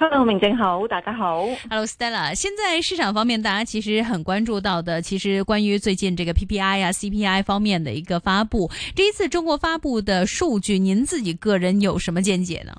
hello 明正好，大家好。hello Stella，現在市場方面，大家其實很關注到的，其實關於最近這個 P P I 啊 C P I 方面的一個發布，這一次中國發布的數據，您自己個人有什麼見解呢？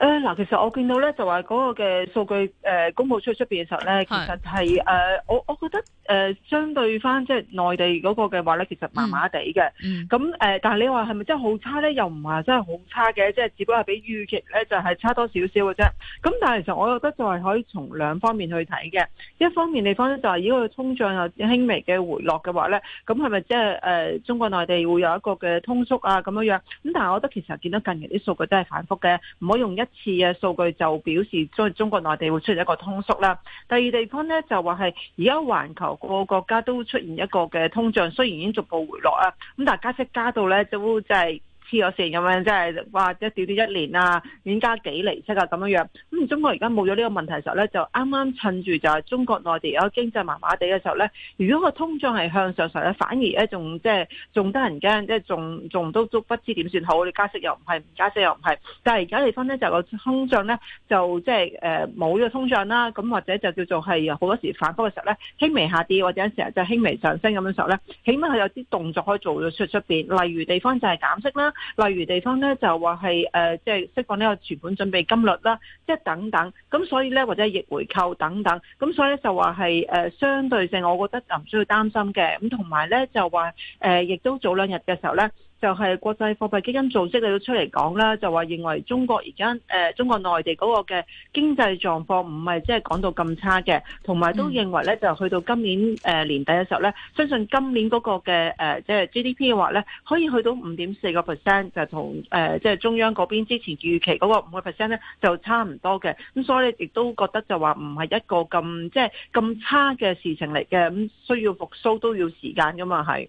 誒、呃、嗱，其實我見到咧就話嗰個嘅數據誒、呃、公布出出邊嘅時候咧，其實係誒、啊呃、我我覺得。誒、呃、相對翻即係內地嗰個嘅話咧，其實麻麻地嘅。咁、嗯、誒、呃，但你話係咪真係好差咧？又唔話真係好差嘅，即係只不過係比預期咧就係、是、差多少少嘅啫。咁但係其實我覺得就係可以從兩方面去睇嘅。一方面地方咧就係如果通脹有輕微嘅回落嘅話咧，咁係咪即係誒中國內地會有一個嘅通縮啊咁樣樣？咁但係我覺得其實見到近期啲數據都係反覆嘅，唔可以用一次嘅數據就表示中國內地會出現一個通縮啦。第二地方咧就話係而家環球。各個國家都出現一個嘅通脹，雖然已經逐步回落啊，咁但係加息加到咧都即係。黐咗線咁樣，即係或者調啲一年啊，年加幾厘息啊咁樣樣。咁中國而家冇咗呢個問題嘅時候咧，就啱啱趁住就係中國內地嗰經濟麻麻地嘅時候咧，如果個通脹係向上上時候，反而咧仲即係仲得人驚，即係仲仲都足不知點算好。你加息又唔係，唔加息又唔係。但係而家地方咧就個通脹咧就即係誒冇呢個通脹啦。咁或者就叫做係好多時反覆嘅時候咧，輕微下跌，或者成日就輕微上升咁嘅時候咧，起碼係有啲動作可以做咗出出邊，例如地方就係減息啦。例如地方咧就話係誒，即係釋放呢個存款準備金率啦，即係等等，咁所以咧或者是逆回購等等，咁所以就話係誒相對性，我覺得就唔需要擔心嘅，咁同埋咧就話誒，亦都早兩日嘅時候咧。就係、是、國際貨幣基金組織佢都出嚟講啦，就話認為中國而家誒中國內地嗰個嘅經濟狀況唔係即係講到咁差嘅，同埋都認為咧就去到今年誒、呃、年底嘅時候咧，相信今年嗰個嘅誒即係 GDP 嘅話咧，可以去到五點四個 percent，就同誒即係中央嗰邊之前預期嗰個五個 percent 咧就差唔多嘅。咁所以亦都覺得就話唔係一個咁即係咁差嘅事情嚟嘅，咁需要復甦都要時間㗎嘛係。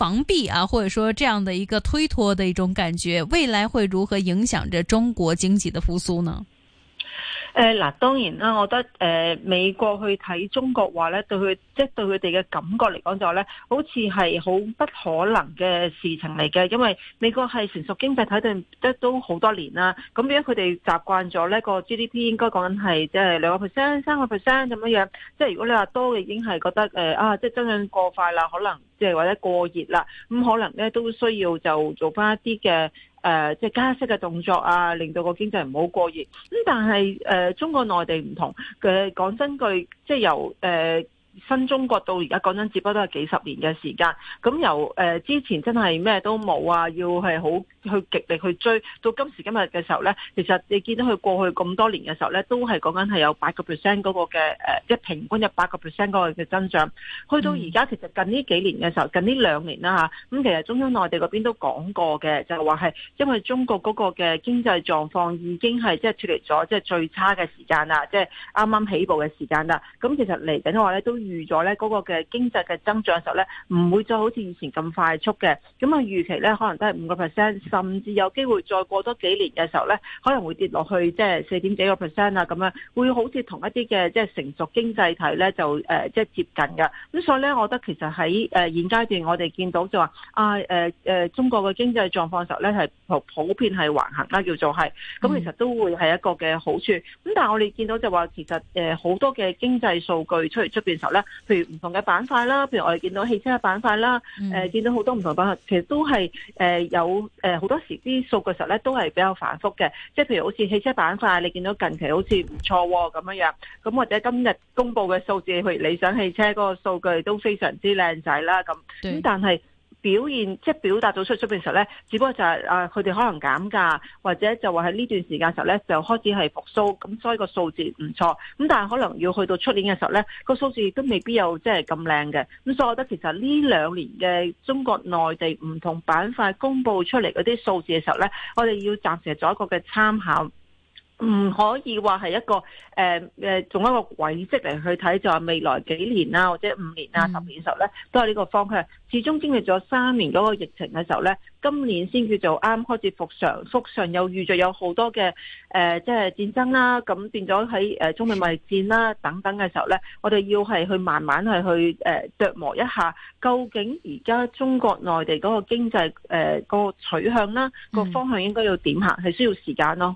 防弊啊，或者說這樣的一個推脫的一種感覺，未來會如何影響着中國經濟的復蘇呢？誒、呃、嗱，當然啦，我覺得誒、呃、美國去睇中國話咧，對佢即係對佢哋嘅感覺嚟講就話咧，好似係好不可能嘅事情嚟嘅，因為美國係成熟經濟體度得都好多年啦。咁如果佢哋習慣咗呢、這個 GDP 應該講緊係即係兩個 percent 三個 percent 咁樣樣，即係如果你話多嘅已經係覺得誒、呃、啊，即係增長過快啦，可能。即係或者過熱啦，咁可能咧都需要就做翻一啲嘅誒，即、呃、係、就是、加息嘅動作啊，令到個經濟唔好過熱。咁但係誒、呃，中國內地唔同嘅，講真句，即、就、係、是、由誒。呃新中國到而家講緊，只不過都係幾十年嘅時間。咁由誒之前真係咩都冇啊，要係好去極力去追，到今時今日嘅時候咧，其實你見到佢過去咁多年嘅時候咧，都係講緊係有八個 percent 嗰個嘅誒，即係平均有八個 percent 嗰個嘅增長。去到而家，其實近呢幾年嘅時候，近呢兩年啦嚇，咁其實中央內地嗰邊都講過嘅，就係話係因為中國嗰個嘅經濟狀況已經係即係脱離咗即係最差嘅時間啦，即係啱啱起步嘅時間啦。咁其實嚟緊嘅話咧都。預咗咧嗰個嘅經濟嘅增長時候咧，唔會再好似以前咁快速嘅。咁啊預期咧，可能都係五個 percent，甚至有機會再過多幾年嘅時候咧，可能會跌落去即係四點幾個 percent 啊咁樣，會好似同一啲嘅即係成熟經濟體咧就誒即係接近㗎。咁所以咧，我覺得其實喺誒現階段，我哋見到就話啊誒誒、啊啊、中國嘅經濟狀況時候咧係普遍係橫行啦，叫做係。咁其實都會係一個嘅好處。咁但係我哋見到就話，其實誒好多嘅經濟數據出嚟出邊時候。啦，譬如唔同嘅板塊啦，譬如我哋見到汽車嘅板塊啦，誒、嗯呃，見到好多唔同板塊，其實都係誒、呃、有誒好、呃、多時啲數據嘅時候咧，都係比較反覆嘅。即係譬如好似汽車板塊，你見到近期好似唔錯咁樣樣，咁或者今日公佈嘅數字，譬如理想汽車嗰個數據都非常之靚仔啦。咁咁但係。表現即係表達到出出邊時候咧，只不過就係、是、啊，佢哋可能減價，或者就話喺呢段時間的時候咧就開始係復甦，咁所以個數字唔錯。咁但係可能要去到出年嘅時候咧，個數字亦都未必有即係咁靚嘅。咁、就是、所以我覺得其實呢兩年嘅中國內地唔同板塊公佈出嚟嗰啲數字嘅時候咧，我哋要暫時係做一個嘅參考。唔可以話係一個誒誒，仲、呃、一個軌跡嚟去睇，就係、是、未來幾年啦，或者五年啊、十年時候咧，都係呢個方向。始終經歷咗三年嗰個疫情嘅時候咧，今年先叫做啱開始復常，復常又預計有好多嘅誒、呃，即係戰爭啦，咁變咗喺中美貿易戰啦等等嘅時候咧，我哋要係去慢慢係去誒琢、呃、磨一下，究竟而家中國內地嗰個經濟誒、呃個取向啦，個方向應該要點行，係需要時間咯。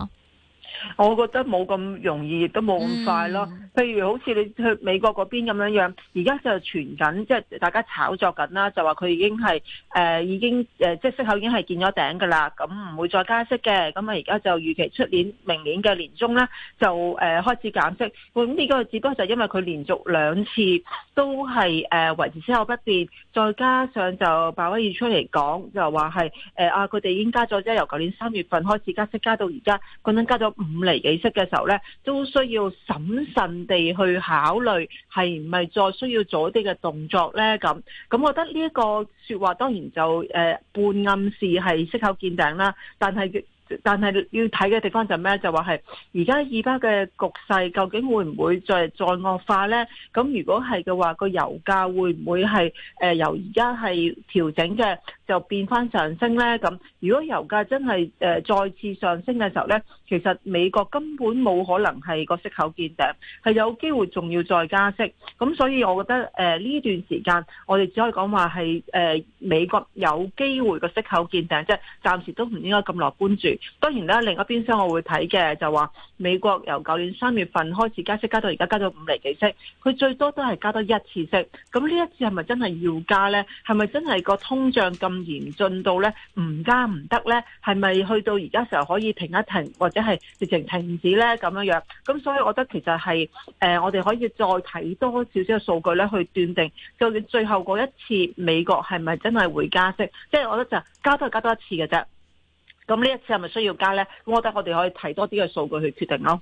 我覺得冇咁容易，亦都冇咁快咯、嗯。譬如好似你去美國嗰邊咁樣樣，而家就傳緊，即、就、係、是、大家炒作緊啦，就話佢已經係誒、呃、已經誒、呃、即息口已經係見咗頂㗎啦，咁唔會再加息嘅。咁啊，而家就預期出年、明年嘅年中咧，就誒、呃、開始減息。咁呢個只不過就因為佢連續兩次都係誒維持息口不變，再加上就鮑威爾出嚟講，就話係誒啊佢哋已經加咗即係、呃，由舊年三月份開始加息，加到而家嗰陣加咗。五厘幾息嘅時候咧，都需要審慎地去考慮係唔係再需要做啲嘅動作咧？咁咁，我覺得呢一個說話當然就誒、呃、半暗示係息口見頂啦。但係但係要睇嘅地方就咩？就話係而家以巴嘅局勢究竟會唔會再再惡化咧？咁如果係嘅話，個油價會唔會係誒、呃、由而家係調整嘅，又變翻上升咧，咁如果油價真係誒再次上升嘅時候咧，其實美國根本冇可能係個息口見頂，係有機會仲要再加息。咁所以我覺得誒呢、呃、段時間我哋只可以講話係誒美國有機會個息口見頂，即係暫時都唔應該咁樂觀住。當然啦，另一邊廂我會睇嘅，就話美國由舊年三月份開始加息，加到而家加到五厘幾息，佢最多都係加多一次息。咁呢一次係咪真係要加咧？係咪真係個通脹咁？嚴峻到咧唔加唔得咧，係咪去到而家時候可以停一停，或者係直情停止咧咁樣樣？咁所以我覺得其實係誒、呃，我哋可以再睇多少少嘅數據咧，去斷定究竟最後嗰一次美國係咪真係會加息？即、就、係、是、我覺得就加多加多一次嘅啫。咁呢一次係咪需要加咧？咁我覺得我哋可以睇多啲嘅數據去決定咯。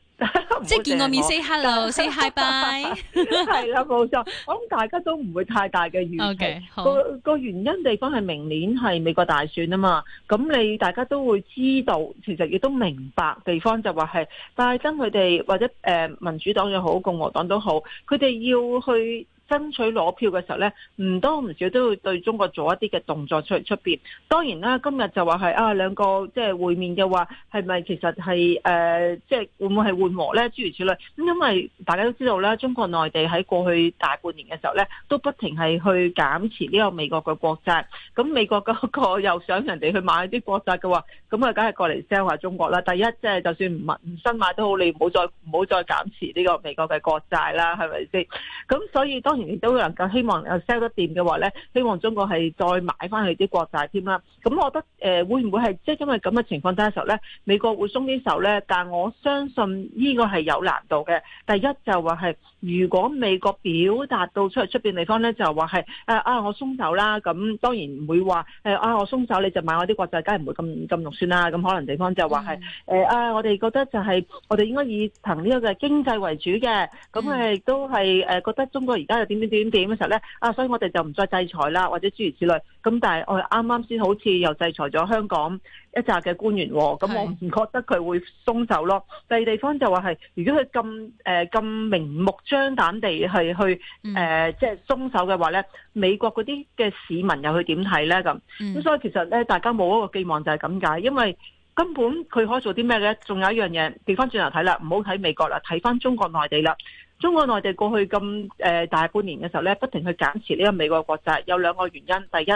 即係見個面 say hello，say hi bye bye，係啦冇錯，我諗大家都唔會太大嘅預期，個個原因地方係明年係美國大選啊嘛，咁你大家都會知道，其實亦都明白地方就話係，拜登佢哋或者誒民主黨又好，共和黨都好，佢哋要去。爭取攞票嘅時候咧，唔多唔少都會對中國做一啲嘅動作出出邊。當然啦，今日就話係啊兩個即係、就是、會面嘅話，係咪其實係誒即係會唔會係緩和咧？諸如此類。咁因為大家都知道啦，中國內地喺過去大半年嘅時候咧，都不停係去減持呢個美國嘅國債。咁美國嗰個又想人哋去買啲國債嘅話，咁啊梗係過嚟 sell 下中國啦。第一即係就算唔唔新買都好，你唔好再唔好再減持呢個美國嘅國債啦，係咪先？咁所以當。亦都都能夠希望又 sell 得掂嘅話咧，希望中國係再買翻佢啲國債添啦。咁我覺得誒、呃、會唔會係即係因為咁嘅情況底下時候咧，美國會鬆啲手咧？但我相信呢個係有難度嘅。第一就話係如果美國表達到出嚟出邊地方咧，就話係啊啊我鬆手啦，咁當然唔會話誒啊我鬆手你就買我啲國債，梗係唔會咁咁肉算啦。咁可能地方就話係誒啊我哋覺得就係、是、我哋應該以憑呢個嘅經濟為主嘅，咁係都係誒覺得中國而家，點點點點嘅時候咧，啊，所以我哋就唔再制裁啦，或者諸如此類。咁但係我哋啱啱先好似又制裁咗香港一紮嘅官員，咁我唔覺得佢會鬆手咯。第二地方就話係，如果佢咁誒咁明目張膽地係去誒，即係鬆手嘅話咧，美國嗰啲嘅市民又去點睇咧？咁咁所以其實咧，大家冇一個寄望就係咁解，因為根本佢可以做啲咩咧？仲有一樣嘢，調翻轉頭睇啦，唔好睇美國啦，睇翻中國內地啦。中國內地過去咁誒大半年嘅時候咧，不停去減持呢個美國國債，有兩個原因。第一，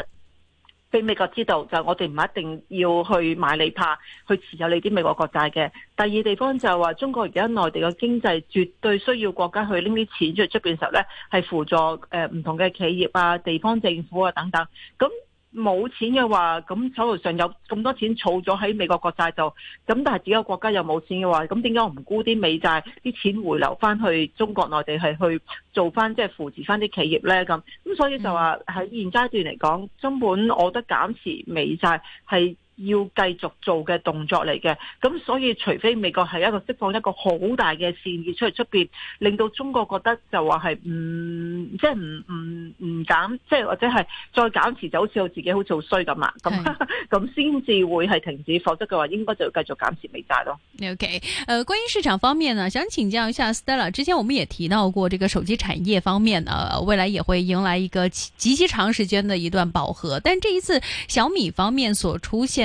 俾美國知道就我哋唔一定要去買你，怕去持有你啲美國國債嘅。第二地方就係話中國而家內地嘅經濟絕對需要國家去拎啲錢出去出邊嘅時候咧，係輔助誒唔同嘅企業啊、地方政府啊等等咁。冇錢嘅話，咁手頭上有咁多錢儲咗喺美國國債度，咁但係自己個國家又冇錢嘅話，咁點解我唔沽啲美債？啲錢回流翻去中國內地係去做翻即係扶持翻啲企業呢？咁咁所以就話喺、嗯、現階段嚟講，根本我覺得減持美債係要繼續做嘅動作嚟嘅，咁所以除非美國係一個釋放一個好大嘅善意出去出邊，令到中國覺得就話係唔即係唔唔唔減，即係或者係再減持就好似我自己好做衰咁啊，咁咁先至會係停止，否則嘅話，應該就繼續減持美債咯。OK，誒、呃，關於市場方面呢，想請教一下 Stella，之前我們也提到過，這個手機產業方面啊，未來也會迎來一個極其長時間的一段飽和，但係這一次小米方面所出現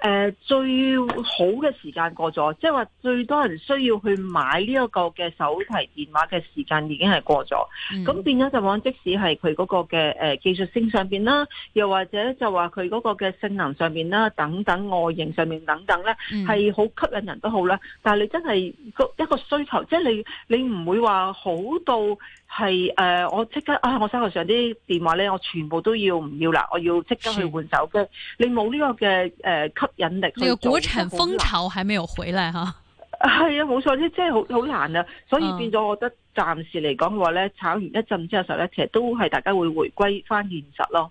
誒、呃，最好嘅時間過咗，即係話最多人需要去買呢一個嘅手提電話嘅時間已經係過咗，咁、嗯、變咗就往即使係佢嗰個嘅誒技術升上面啦，又或者就話佢嗰個嘅性能上面啦，等等外形上面等等咧，係、嗯、好吸引人都好啦。但係你真係個一個需求，即、就、係、是、你你唔會話好到係誒、呃，我即刻啊、哎，我手頭上啲電話咧，我全部都要唔要啦，我要即刻去換手機。你冇呢個嘅誒吸。呃引力，呢、這個國產風潮還沒有回來哈。係 啊，冇錯啫，即係好好難啊。所以變咗，我覺得暫時嚟講嘅話咧，炒完一陣之後實咧，其實都係大家會回歸翻現實咯。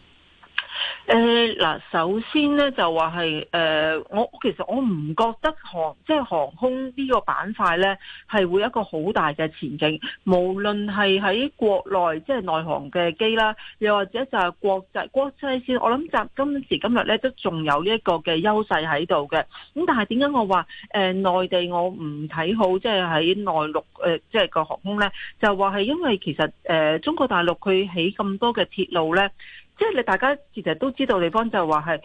誒，嗱，首先咧，就話係誒，我其實我唔覺得航即係、就是、航空呢個板塊咧，係會一個好大嘅前景，無論係喺國內即係內航嘅機啦，又或者就係國際國際線，我諗集今時今日咧都仲有一個嘅優勢喺度嘅。咁但係點解我話誒內地我唔睇好即係喺內陸誒即係個航空咧？就話係因為其實誒、呃、中國大陸佢起咁多嘅鐵路咧。即係你大家其實都知道地方，就係話係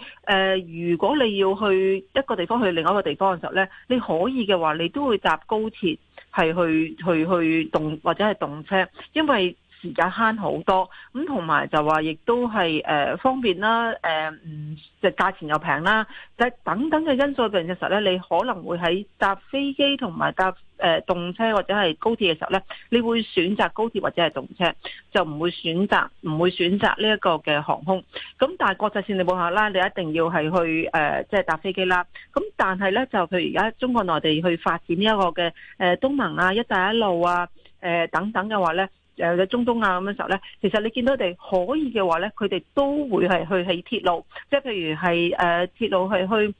誒，如果你要去一個地方去另一個地方嘅時候呢，你可以嘅話你都會搭高鐵係去去去，去動或者係動車，因為。時間慳好多，咁同埋就話亦都係誒方便啦，誒嗯，即係價錢又平啦，即係等等嘅因素。但係嘅時候咧，你可能會喺搭飛機同埋搭誒動車或者係高鐵嘅時候咧，你會選擇高鐵或者係動車，就唔會選擇唔會選擇呢一個嘅航空。咁但係國際線你冇下啦，你一定要係去誒即係搭飛機啦。咁但係咧就譬如而家中國內地去發展呢一個嘅誒東盟啊、一帶一路啊、誒等等嘅話咧。又中東啊咁嘅時候咧，其實你見到佢哋可以嘅話咧，佢哋都會係去起鐵路，即係譬如係誒、呃、鐵路係去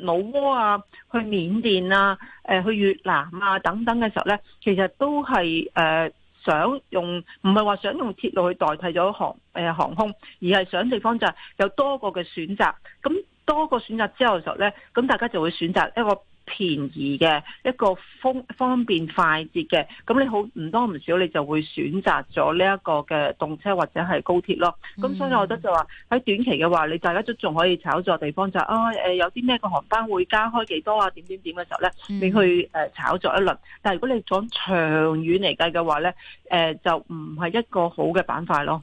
老撾啊、去緬甸啊、誒、呃、去越南啊等等嘅時候咧，其實都係誒、呃、想用，唔係話想用鐵路去代替咗航誒、呃、航空，而係想地方就係有多個嘅選擇，咁多個選擇之後嘅時候咧，咁大家就會選擇一個。便宜嘅一個方方便快捷嘅，咁你好唔多唔少你就會選擇咗呢一個嘅動車或者係高鐵咯。咁、嗯、所以，我覺得就話喺短期嘅話，你大家都仲可以炒作地方就話、啊誒、呃，有啲咩個航班會加開幾多啊？點點點嘅時候咧、嗯，你去誒炒作一輪。但係如果你講長遠嚟計嘅話咧，誒、呃、就唔係一個好嘅板塊咯。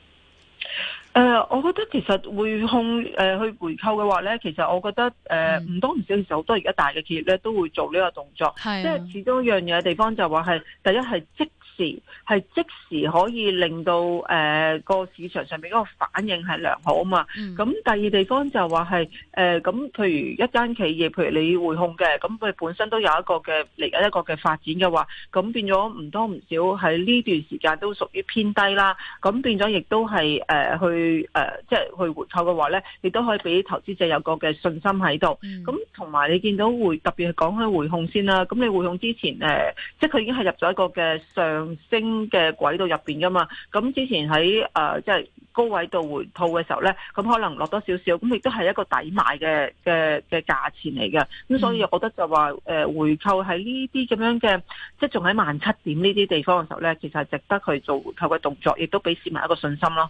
誒、呃，我覺得其實匯控誒、呃、去回購嘅話咧，其實我覺得誒唔、呃嗯、多唔少，時候，好多而家大嘅企業咧都會做呢個動作，是啊、即係始終一樣嘢嘅地方就話係第一係即。是，係即時可以令到誒、呃、個市場上面個反應係良好啊嘛。咁、嗯、第二地方就話係誒咁，呃、譬如，一間企業，譬如你匯控嘅，咁佢本身都有一個嘅嚟緊一個嘅發展嘅話，咁變咗唔多唔少喺呢段時間都屬於偏低啦。咁變咗亦都係誒、呃、去誒、呃、即係去回購嘅話咧，亦都可以俾投資者有個嘅信心喺度。咁同埋你見到匯特別係講開匯控先啦，咁你匯控之前誒、呃，即係佢已經係入咗一個嘅上。上升嘅軌道入邊噶嘛，咁之前喺即、呃即係、高位度回吐嘅時候咧，咁可能落多少少，咁亦都係一個抵買嘅嘅嘅價錢嚟嘅，咁所以我覺得就話、呃、回購喺呢啲咁樣嘅，即係仲喺萬七點呢啲地方嘅時候咧，其實係值得佢做回購嘅動作，亦都俾市民一個信心咯。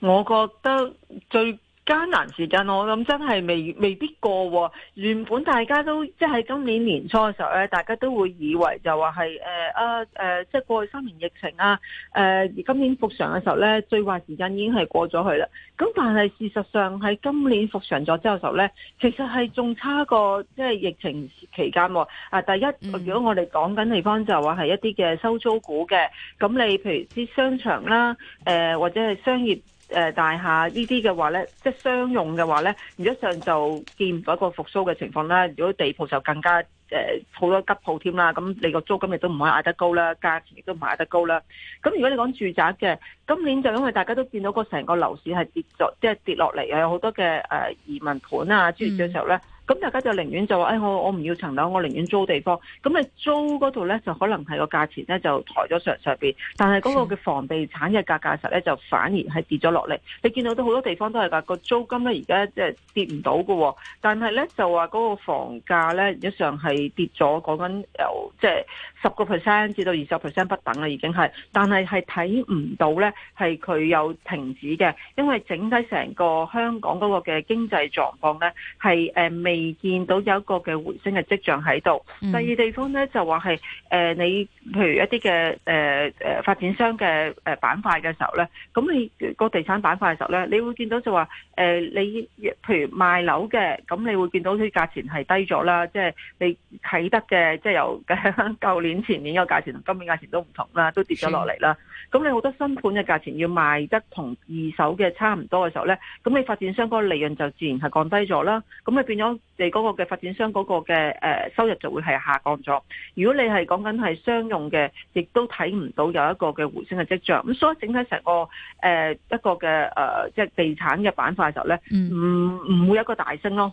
我覺得最艱難時間，我諗真係未未必過，哦。原本大家都即係、就是，今年年初嘅時候咧，大家都會以為就話係誒啊誒，即、呃、係、呃就是，過去三年疫情啊，誒、呃、而今年復常嘅時候咧，最壞時間已經係過咗去啦。咁但係事實上喺今年復常咗之後嘅時候咧，其實係仲差過即係疫情期間。啊，第一，如果我哋講緊地方就話、是、係一啲嘅收租股嘅，咁你譬如啲商場啦，誒、呃、或者係商業。誒、呃、大廈呢啲嘅話咧，即係商用嘅話咧，如果上就見唔到一個復甦嘅情況啦。如果地鋪就更加誒好、呃、多急鋪添啦，咁你個租金亦都唔可以嗌得高啦，價錢亦都唔可以嗌得高啦。咁如果你講住宅嘅，今年就因為大家都見到個成個樓市係跌咗，即、就、係、是、跌落嚟，又有好多嘅誒、呃、移民盤啊，諸如此類咧。咁大家就寧願就話、哎，誒我我唔要層樓，我寧願租地方。咁你租嗰度咧，就可能係個價錢咧就抬咗上上邊，但係嗰個嘅房地產嘅價格實咧就反而係跌咗落嚟。你見到都好多地方都係話個租金咧而家即係跌唔到喎。但係咧就話嗰個房價咧實質上係跌咗，講緊由即係十個 percent 至到二十 percent 不等啦，已經係，但係係睇唔到咧係佢有停止嘅，因為整體成個香港嗰個嘅經濟狀況咧係未。未見到有一個嘅回升嘅跡象喺度、嗯。第二地方咧就話係誒你，譬如一啲嘅誒誒發展商嘅誒板塊嘅時候咧，咁你個地產板塊嘅時候咧，你會見到就話誒、呃、你，譬如賣樓嘅，咁你會見到啲價錢係低咗啦，即係你睇得嘅，即係由舊 年、前年個價錢同今年價錢都唔同啦，都跌咗落嚟啦。咁、嗯、你好多新盤嘅價錢要賣得同二手嘅差唔多嘅時候咧，咁你發展商嗰個利潤就自然係降低咗啦。咁你變咗，你、那、嗰個嘅發展商嗰個嘅誒收入就會係下降咗。如果你係講緊係商用嘅，亦都睇唔到有一個嘅回升嘅跡象。咁所以整體成個誒一個嘅誒即係地產嘅板塊嘅時候咧，唔唔會有一個大升咯。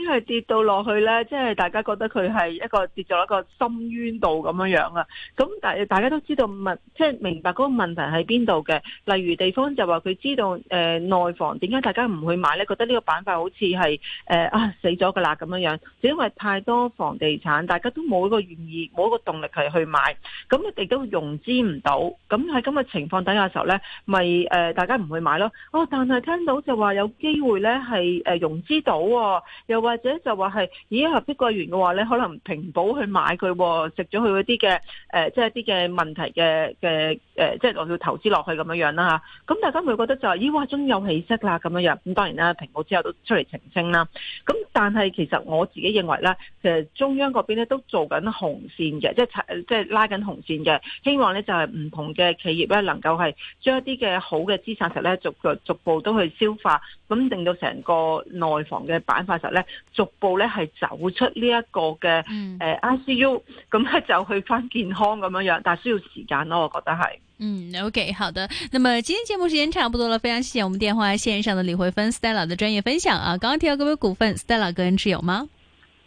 係跌到落去咧，即係大家覺得佢係一個跌咗一個深淵度咁樣樣啊。咁但係大家都知道問，即係明白嗰個問題喺邊度嘅。例如地方就話佢知道誒、呃、內房點解大家唔去買咧？覺得呢個板塊好似係誒啊死咗㗎喇咁樣樣，就因為太多房地產，大家都冇一個願意冇一個動力係去買。咁佢哋都融資唔到。咁喺咁嘅情況底下嘅時候咧，咪誒、呃、大家唔去買咯。哦，但係聽到就話有機會咧係誒融資到喎、哦。或者就話係，咦？碧桂園嘅話咧，可能平保去買佢，食咗佢嗰啲嘅即係啲嘅問題嘅嘅、呃、即係我要投資落去咁樣樣啦吓，咁大家咪覺得就話、是、咦？哇，終於有起色啦咁樣樣。咁當然啦，平保之後都出嚟澄清啦。咁但係其實我自己認為咧，其實中央嗰邊咧都做緊紅線嘅，即係即係拉緊紅線嘅，希望咧就係唔同嘅企業咧能夠係將一啲嘅好嘅資產實咧逐逐步都去消化，咁令到成個內房嘅板塊實咧。逐步咧係走出呢一個嘅誒 I C U，咁咧就去返健康咁樣樣，但係需要時間咯。我覺得係嗯，OK，好的。那麼今日節目時間差唔多啦，非常謝謝我們電話線上的李慧芬 Stella 的專業分享啊。剛剛提到各位股份 Stella 個人持有嗎？